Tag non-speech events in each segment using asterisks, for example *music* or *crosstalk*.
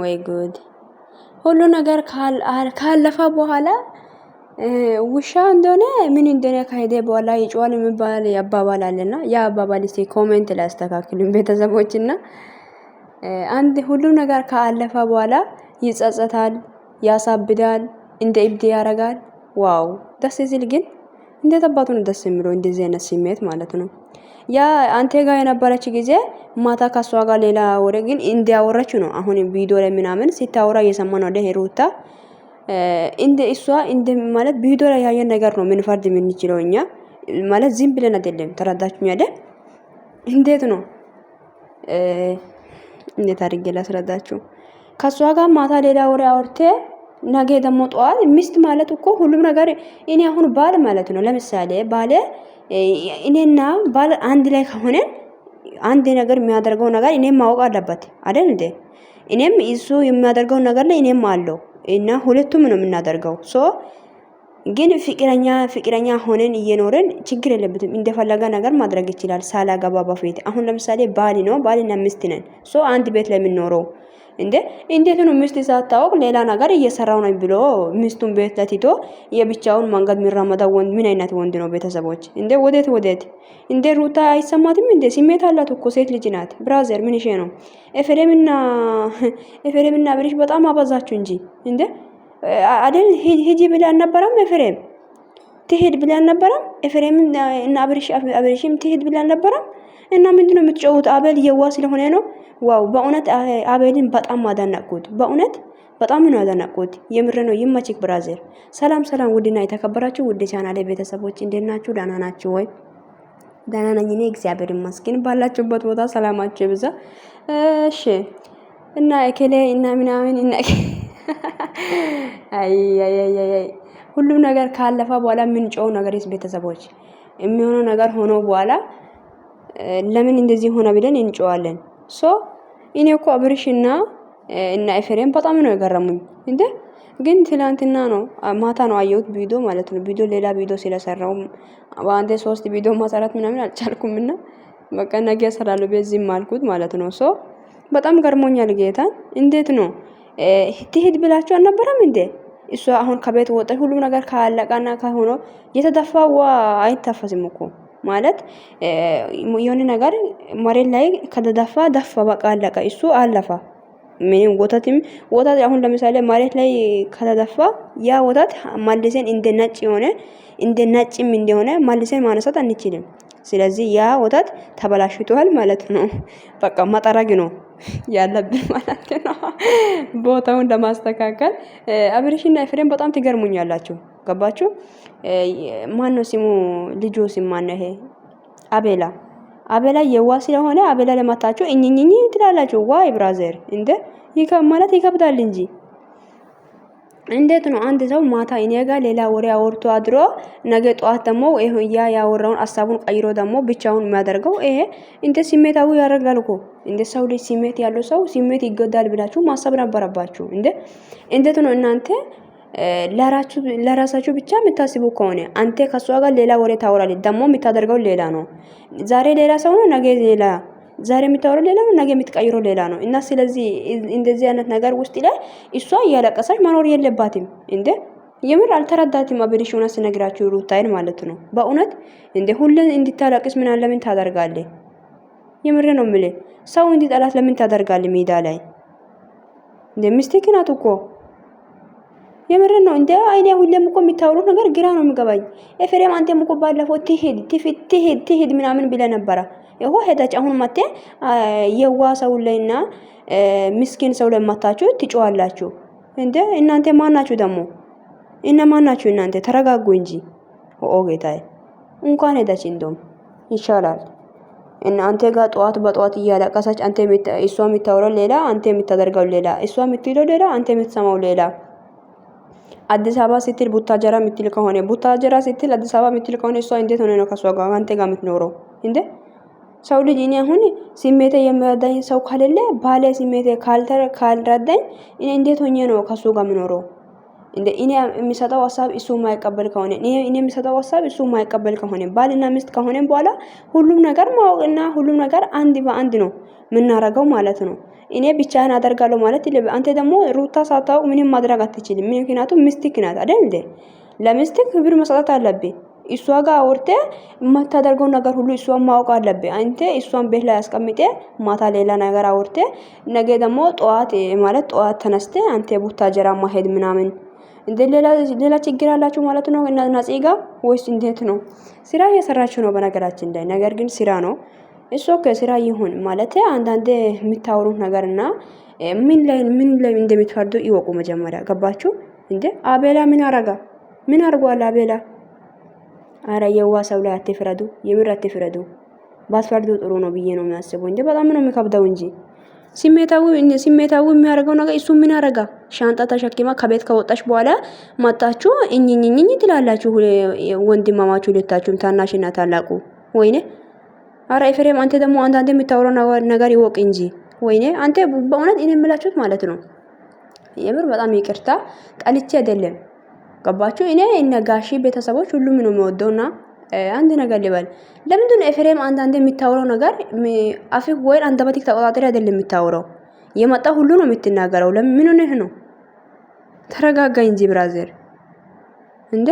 ወይ ጉድ! ሁሉ ነገር ካለፈ በኋላ ውሻ እንደሆነ ምን እንደሆነ ከሄደ በኋላ ይጮሃል የሚባል አባባል አለና ያ አባባል እስቲ ኮሜንት ላይ ቤተሰቦች። ቤተሰቦችና አንድ ሁሉ ነገር ካለፈ በኋላ ይጸጸታል፣ ያሳብዳል፣ እንደ እብድ ያረጋል። ዋው ደስ ሲል ግን እንዴት አባቱ ነው ደስ የሚለው እንደዚህ አይነት ስሜት ማለት ነው። ያ አንተ ጋር የነበረች ጊዜ ማታ ካሷ ጋር ሌላ ወሬ ግን እንዲያወረች ነው። አሁን ቪዲዮ ላይ ምናምን ሲታወራ እየሰማ ነው። ሄሩታ እንደ እሷ እንደ ማለት ቪዲዮ ላይ ያየን ነገር ነው ምን ፈርድ የምንችለው እኛ ማለት ዝም ብለን አይደለም። ተረዳችሁኝ አይደል? እንዴት ነው እንዴት አድርጌ ላስረዳችሁ? ከሷ ጋር ማታ ሌላ ወሬ አውርቴ ነገ ደግሞ ጠዋት ሚስት ማለት እኮ ሁሉም ነገር እኔ አሁን ባል ማለት ነው። ለምሳሌ ባለ እኔና ባል አንድ ላይ ከሆነ አንድ ነገር የሚያደርገው ነገር እኔም ማወቅ አለበት አይደል እንዴ? እኔም እሱ የሚያደርገው ነገር ላይ እኔም አለው እና ሁለቱም ነው የምናደርገው። ሶ ግን ፍቅረኛ ፍቅረኛ ሆነን እየኖረን ችግር የለብትም። እንደፈለገ ነገር ማድረግ ይችላል ሳላገባ በፊት። አሁን ለምሳሌ ባል ነው ባልና ሚስት ነን። ሶ አንድ ቤት ላይ የምንኖረው እንደ እንዴት ነው ሚስት ሳታወቅ ሌላ ነገር እየሰራው ነው ብሎ ሚስቱን ቤት ለትቶ የብቻውን መንገድ የሚራመዳ ወንድ ምን አይነት ወንድ ነው? ቤተሰቦች እንዴ ወዴት ወዴት? እንዴ ሩታ አይሰማትም እንዴ? ስሜት አላት እኮ ሴት ልጅ ናት። ብራዘር ምን ይሄ ነው? ኤፍሬምና *laughs* ኤፍሬምና ብሪሽ በጣም አበዛችሁ እንጂ እንዴ አደን ሂጂ ብለ አልነበረም? ኤፍሬም ትሄድ ብለ አልነበረም? ኤፍሬም እና አብሪሽ አብሪሽም ትሄድ ብለ አልነበረም? እና ምንድን ነው የምትጨውት? አቤል የዋ ስለሆነ ነው። ዋው! በእውነት አቤልን በጣም አደነቅኩት። በእውነት በጣም ነው ያደነቅኩት። የምር ነው። ይመችክ ብራዘር። ሰላም ሰላም! ውድና የተከበራችሁ ውድ ቻናሌ ቤተሰቦች እንዴት ናችሁ? ደህና ናችሁ ወይ? ደህና ነኝ እኔ እግዚአብሔር ይመስገን። ባላችሁበት ቦታ ሰላማችሁ ይብዛ። እሺ እና እከሌ እና ምናምን እና አይ አይ ሁሉም ነገር ካለፈ በኋላ ምን ጮው ነገር ቤተሰቦች የሚሆነው ነገር ሆኖ በኋላ ለምን እንደዚህ ሆነ ብለን እንጨዋለን። ሶ እኔ እኮ አብርሽና እና ኤፍሬም በጣም ነው የገረሙኝ። እንደ ግን ትላንትና ነው ማታ ነው አየሁት ቪዲዮ ማለት ነው። ቪዲዮ ሌላ ቪዲዮ ስለሰራው በአንዴ ሶስት ቪዲዮ ማሰራት ምናምን አልቻልኩም እና በቃ ነገ እሰራለሁ በዚህም አልኩት ማለት ነው። ሶ በጣም ገርሞኛል። ጌታን እንዴት ነው ትሄድ ብላችሁ አልነበረም እንዴ? እሷ አሁን ከቤት ወጣ ሁሉም ነገር ካለቃና ከሆነ የተደፋዋ አይታፈስም እኮ ማለት የሆነ ነገር መሬት ላይ ከተደፋ ደፋ፣ በቃ አለቀ። እሱ አለፋ። ምንም ወተትም ወተት አሁን ለምሳሌ መሬት ላይ ከተደፋ ያ ወተት መልሰን እንደ ነጭ የሆነ እንደ ነጭም እንደሆነ ማልሰን ማነሳት አንችልም። ስለዚህ ያ ወተት ተበላሽቷል ማለት ነው። በቃ መጠረግ ነው ያለብን ማለት ነው። ቦታውን ለማስተካከል አብሬሽና ፍሬም በጣም ትገርሙኛላችሁ። ገባችሁ? ማነው ሲሙ ልጆ ሲማነ ይሄ አቤላ አቤላ የዋ ስለሆነ አቤላ ለማታችሁ እኝኝኝ ትላላችሁ። ዋይ ብራዘር እንደ ይከ ማለት ይከብዳል እንጂ እንዴት ነው አንድ ሰው ማታ እኔ ጋር ሌላ ወሬ አወርቶ አድሮ ነገ ጠዋት ደግሞ ያ ያወራውን ሀሳቡን ቀይሮ ደግሞ ብቻውን የሚያደርገው ይሄ እንዴ ስሜታዊ ያደርጋል እኮ። እንደ ሰው ልጅ ስሜት ያለው ሰው ስሜት ይጎዳል ብላችሁ ማሰብ ነበረባችሁ። እንዴ እንዴት ነው እናንተ ለራሳችሁ ብቻ የምታስቡ ከሆነ አንተ ከሷ ጋር ሌላ ወሬ ታወራለች፣ ደግሞ የምታደርገው ሌላ ነው። ዛሬ ሌላ ሰው ነው፣ ነገ ሌላ ዛሬ የምታወራው ሌላ ነው፣ ነገ የምትቀይረው ሌላ ነው። እና ስለዚህ እንደዚህ አይነት ነገር ውስጥ ላይ እሷ እያለቀሰች መኖር የለባትም እንዴ። የምር አልተረዳትም። አብሬሽ ሆና ስነግራችሁ ሩታይን ማለት ነው። በእውነት እንደ ሁሌን እንድታለቅስ ምን ለምን ታደርጋለ? የምር ነው ምል ሰው እንዲጠላት ለምን ታደርጋለ? ሜዳ ላይ እንደ ሚስቴክ ናት እኮ የምር ነው። እንደ አይኔ ሁሌም እኮ የሚታወሩት ነገር ግራ ነው የሚገባኝ። ኤፍሬም አንተም እኮ ባለፈው ትሄድ ትሄድ ትሄድ ምናምን ብለ ነበረ ይሁ ሄዳች አሁን መቴ የዋ ሰው ላይና ምስኪን ሰው ላይ መታችሁ ትጮዋላችሁ እንዴ? እናንተ ማናችሁ ደግሞ? እና ማናችሁ እናንተ ተረጋጉ እንጂ። ኦ ጌታዬ እንኳን ሄዳች እንደም ይሻላል። እናንተ ጋ ጋር ጠዋት በጠዋት እያለቀሰች አንተ እሷ የምታወራው ሌላ፣ አንተ የምታደርገው ሌላ፣ እሷ የምትለው ሌላ፣ አንተ የምትሰማው ሌላ። አዲስ አበባ ስትል ቡታጀራ የምትል ከሆነ ቡታጀራ ስትል አዲስ አበባ የምትል ከሆነ እሷ እንዴት ሆነ ነው ከሷ ጋር አንተ ጋር የምትኖረው እንዴ? ሰው ልጅ እኔ አሁን ስሜቴ የሚረዳኝ ሰው ከሌለ ባሌ ስሜቴ ካልረዳኝ እኔ እንዴት ሆኜ ነው ከሱ ጋር የምኖረው? እንደ እኔ የሚሰጠው ሀሳብ እሱ ማይቀበል ከሆነ እኔ የሚሰጠው ሀሳብ እሱ ማይቀበል ከሆነ ባልና ሚስት ከሆነ በኋላ ሁሉም ነገር ማወቅና ሁሉም ነገር አንድ በአንድ ነው የምናረገው ማለት ነው። እኔ ብቻህን አደርጋለሁ ማለት አንተ ደግሞ ሩታ ሳታውቅ ምንም ማድረግ አትችልም። ምክንያቱም ሚስትህ ናት አይደል? ለሚስትህ ክብር መስጠት አለብህ። እሷ ጋር አውርቴ የምታደርገው ነገር ሁሉ እሷ ማወቅ አለብ አንተ እሷን ቤት ላይ አስቀምጠ ማታ ሌላ ነገር አውርቴ ነገ ደግሞ ጠዋት ማለት ጠዋት ተነስተ አንተ ጀራ ማሄድ ምናምን እንደ ሌላ ችግር አላችሁ ማለት ነው። እና ናጽይ ወይስ እንዴት ነው? ስራ እየሰራችሁ ነው በነገራችን ላይ ነገር ግን ስራ ነው እሱ ከስራ ይሁን ማለት አንዳንዴ የምታወሩት ነገርና ምን ላይ ምን ላይ እንደምትፈርዱ ይወቁ መጀመሪያ። ገባችሁ እንዴ? አቤላ ምን አረጋ? ምን አርጓል አቤላ? አረ የዋ ሰው ላይ አትፍረዱ፣ የምር አትፍረዱ። ባትፈርዱ ጥሩ ነው ብዬ ነው የሚያስበው እንጂ በጣም ነው የሚከብደው እንጂ ስሜታዊ ስሜታዊ የሚያደርገው ነገር እሱ ምን ያደርጋ? ሻንጣ ተሸክማ ከቤት ከወጣች በኋላ መጣችሁ እኝኝኝኝ ትላላችሁ። ወንድማማችሁ ሁለታችሁም ታናሽና ታላቁ። ወይኔ አረ ኤፍሬም አንተ ደግሞ አንዳንድ የምታወራው ነገር ይወቅ እንጂ ወይኔ አንተ በእውነት እኔ የምላችሁት ማለት ነው የምር በጣም ይቅርታ ቀልቼ አይደለም ገባችሁ? እኔ እነጋሺ ቤተሰቦች ሁሉም ነው የሚወደውና አንድ ነገር ልበል። ለምንድን ኤፍሬም አንዳንዴ የሚታወረው ነገር አፍ ወይን አንደበትህ ተቆጣጥሪ አይደለም የሚታወረው፣ የመጣ ሁሉ ነው የምትናገረው። ለምን ነው ነው? ተረጋጋ እንጂ ብራዘር። እንደ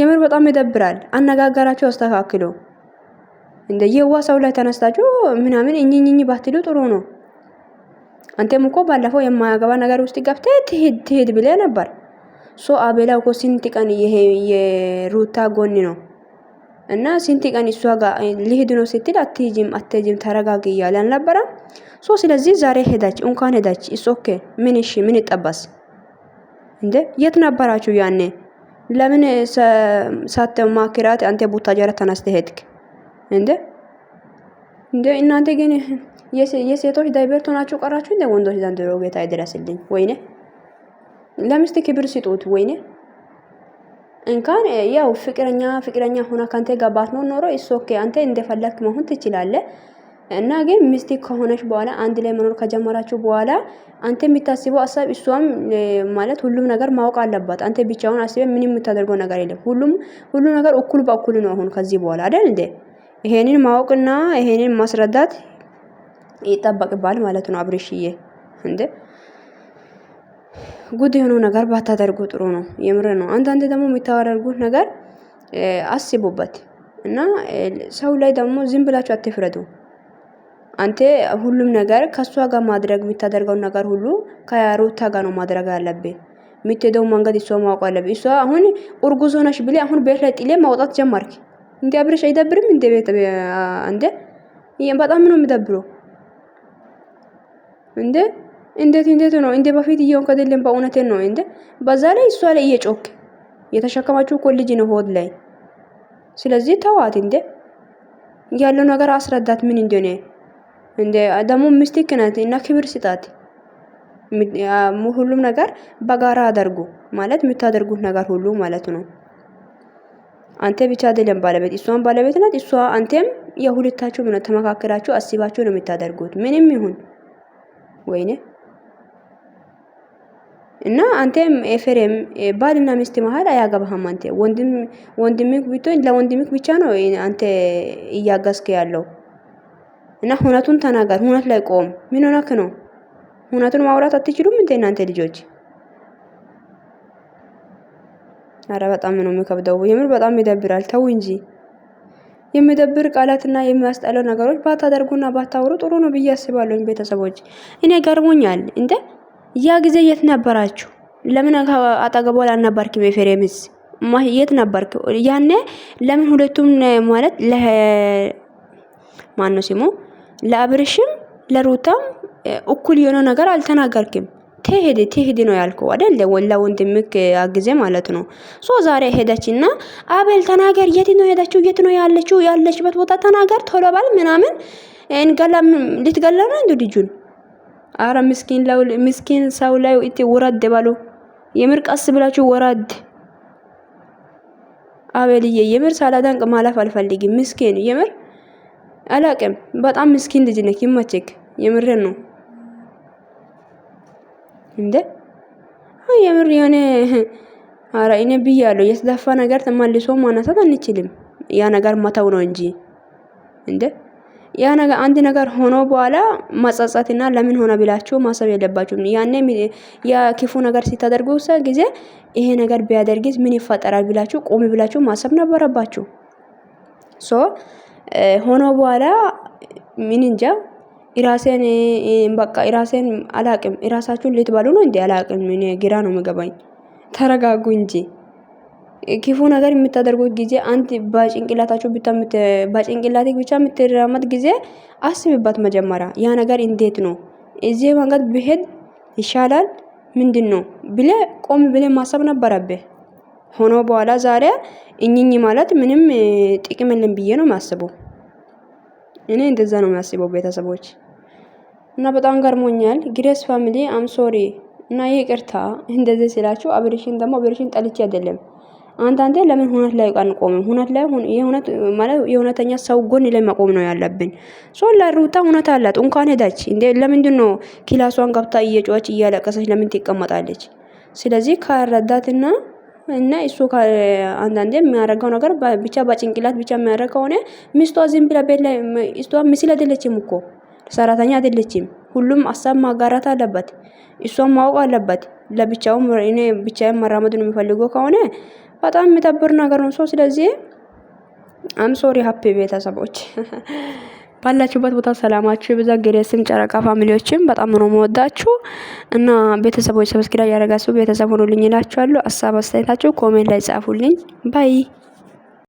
የምር በጣም ይደብራል። አነጋገራቸው አስተካክሎ እንደ የዋ ሰው ላይ ተነስታችሁ ምናምን እኝኝኝ ባትሉ ጥሩ ነው። አንተም እኮ ባለፈው የማያገባ ነገር ውስጥ ገብተህ ትሄድ ትሄድ ብለህ ነበር። ሶ አቤላ እኮ ስንት ቀን ይሄ የሩታ ጎን ነው እና ስንት ቀን እሷ ጋር ሊሄድ ነው ስትል አትሄጂም አትሄጂም ተረጋጊ እያለ አልነበረም? ሶ ስለዚህ ዛሬ ሄዳች፣ እንኳን ሄዳች። ኢስ ኦኬ ምን እሺ ምን ይጠባስ እንዴ? የት ነበራችሁ ያኔ? ለምን ሳትማክራት አንተ ቡታጀራ ተነስተህ ሄድክ እንዴ? እንዴ እናንተ ግን የሴቶች ዳይቨርት ሆናችሁ ቀራችሁ እንደ ወንዶች ዘንድሮ ጌታ ይድረስልኝ ወይኔ ለሚስት ክብር ስጡት። ወይኔ እንኳን ያው ፍቅረኛ ፍቅረኛ ሆና ካንተ ጋር ባትኖር ኖሮ እሱ ኦኬ፣ አንተ እንደፈለክ መሆን ትችላለ እና ግን ሚስት ከሆነች በኋላ አንድ ላይ መኖር ከጀመራችሁ በኋላ አንተ የምታስበው ሀሳብ እሷም ማለት ሁሉም ነገር ማወቅ አለባት። አንተ ብቻውን አስበ ምን የምታደርገው ነገር የለም። ሁሉም ሁሉ ነገር እኩል በእኩል ነው። አሁን ከዚህ በኋላ አይደል እንዴ? ይሄንን ማወቅና ይሄንን ማስረዳት ይጠበቅባል ማለት ነው አብርሽዬ እንዴ ጉድ የሆነው ነገር ባታደርጉ ጥሩ ነው። የምር ነው። አንዳንድ ደግሞ የሚታወራርጉት ነገር አስቡበት እና ሰው ላይ ደግሞ ዝም ብላችሁ አትፍረዱ። አንተ ሁሉም ነገር ከሷ ጋር ማድረግ የምታደርገው ነገር ሁሉ ከሩታ ጋር ነው ማድረግ ያለብህ። የምትሄደው መንገድ እሷ ማወቅ አለብህ። እሷ አሁን እርጉዝ ሆነሽ ብለህ አሁን ቤት ላይ ጥሌ ማውጣት ጀመርክ። እንዲ አብረሽ አይደብርም? እንደ ቤት እንደ በጣም ነው የሚደብረው እንዴ እንዴት እንዴት ነው እንዴ? በፊት እየሆንክ አይደለም። በእውነት ነው እንዴ! በዛ ላይ እሷ ላይ እየጮክ የተሸከማችሁ እኮ ልጅ ነው ሆድ ላይ። ስለዚህ ተዋት እንዴ፣ ያለው ነገር አስረዳት ምን እንደሆነ እንዴ። ደግሞ ሚስቲክ ናት እና ክብር ስጣት። ሁሉም ነገር በጋራ አደርጉ ማለት የምታደርጉት ነገር ሁሉ ማለት ነው። አንተ ብቻ አይደለም ባለቤት፣ እሷን ባለቤት ናት እሷ አንተም። የሁለታችሁ ተመካከላችሁ አስባችሁ ነው የምታደርጉት ምንም ይሁን ወይኔ እና አንተም ኤፍሬም ባልና ሚስት መሀል አያገባህም። አንተ ወንድም ብትሆን ለወንድምክ ብቻ ነው አንተ እያጋዝክ ያለው እና ሁነቱን ተናገር። ሁነት ላይ ቆም። ምን ሆነክ ነው? ሁነቱን ማውራት አትችሉም እንዴ እናንተ ልጆች? አረ በጣም ነው የሚከብደው። የምር በጣም ይደብራል። ተው እንጂ የሚደብር ቃላትና የሚያስጠላው ነገሮች ባታደርጉና ባታወሩ ጥሩ ነው ብዬ አስባለሁ ቤተሰቦች። እኔ ገርሞኛል እንዴ ያ ጊዜ የት ነበራችሁ? ለምን አጠገቧ አልነበርክም? ኤፍሬምስ የት ነበርክ? ያኔ ለምን ሁለቱም ማለት ለማን ነው ስሙ ለአብርሽም ለሩታም እኩል የሆነ ነገር አልተናገርክም። ትሄድ ትሄድ ነው ያልኩ አይደል? ወላ ወንድምክ አግዜ ማለት ነው። ሶ ዛሬ ሄደችና አቤል ተናገር፣ የት ነው ሄዳችሁ? የት ነው ያለችው? ያለችበት ቦታ ተናገር፣ ቶሎ በል ምናምን እንገላ ልትገላ ነው እንዱ ልጁን አረ ምስኪን ለው ምስኪን ሰው ላይ እቲ ወረድ በሉ። የምር ቀስ ብላችሁ ወረድ። አቤልዬ የምር ሳላዳንቅ ማለፍ አልፈልግም። ምስኪን የምር አላቅም። በጣም ምስኪን ልጅ ነክ። ይመችክ። የምር ነው እንዴ? አይ የምር የሆነ *laughs* አረ እኔ ብያለሁ። የተደፋ ነገር ተመልሶ ማነሳት አንችልም። ያ ነገር መተው ነው እንጂ እንዴ ያ ነገር አንድ ነገር ሆኖ በኋላ መጸጸትና ለምን ሆነ ብላችሁ ማሰብ የለባችሁም። ያኔ ያ ክፉ ነገር ሲታደርጉ ጊዜ ይሄ ነገር ቢያደርግስ ምን ይፈጠራል ብላችሁ ቆም ብላችሁ ማሰብ ነበረባችሁ። ሶ ሆኖ በኋላ ምን እንጃ ኢራሴን በቃ ኢራሴን አላቅም። ኢራሳችሁን ልትበሉ ነው እንዴ? አላቅም። ግራ ነው ምገባኝ። ተረጋጉ እንጂ ክፉ ነገር የምታደርጉት ጊዜ አንድ በጭንቅላታችሁ በጭንቅላት ብቻ የምትራመድ ጊዜ አስብባት። መጀመሪያ ያ ነገር እንዴት ነው እዚህ መንገድ ብሄድ ይሻላል ምንድን ነው ብለ ቆም ብለ ማሰብ ነበረብህ። ሆኖ በኋላ ዛሬ እኝኝ ማለት ምንም ጥቅም የለም ብዬ ነው የማስበው። እኔ እንደዛ ነው የሚያስበው ቤተሰቦች እና በጣም ገርሞኛል። ግሬስ ፋሚሊ አምሶሪ እና ይቅርታ እንደዚህ ስላችሁ አብሬሽን ደግሞ አብሬሽን ጠልቼ አይደለም አንዳንዴ ለምን ሁነት ላይ አንቆምም? ሁነት ላይ የሁነት ማለት የሁነተኛ ሰው ጎን ላይ መቆም ነው ያለብን። ሶ ለሩታ ሁነት አላት። እንኳን ሄዳች እንዴ! ለምንድን ነው ኪላሷን ገብታ እየጮች እያለቀሰች ለምን ትቀመጣለች? ስለዚህ ካረዳትና እና እሱ አንዳንዴ የሚያደርገው ነገር ብቻ በጭንቅላት ብቻ የሚያደርግ ከሆነ ሚስቷ ዝም ብላ ቤት ላይ ስቷ ምስል አይደለችም እኮ ሰራተኛ አይደለችም። ሁሉም አሳብ ማጋራት አለበት፣ እሷን ማወቅ አለበት። ለብቻው ብቻ መራመድ የሚፈልገው ከሆነ በጣም የሚደብር ነገር ነው። ሰው ስለዚህ አም ሶሪ ሀፒ ቤተሰቦች ባላችሁበት ቦታ ሰላማችሁ የበዛ ጌሬስም ጨረቃ ፋሚሊዎችም በጣም ነው መወዳችሁ እና ቤተሰቦች ሰብስክራይብ ያደረጋችሁ ቤተሰብ ሆኖልኝ እላችኋለሁ። ሀሳብ አስተያየታችሁ ኮሜንት ላይ ጻፉልኝ ባይ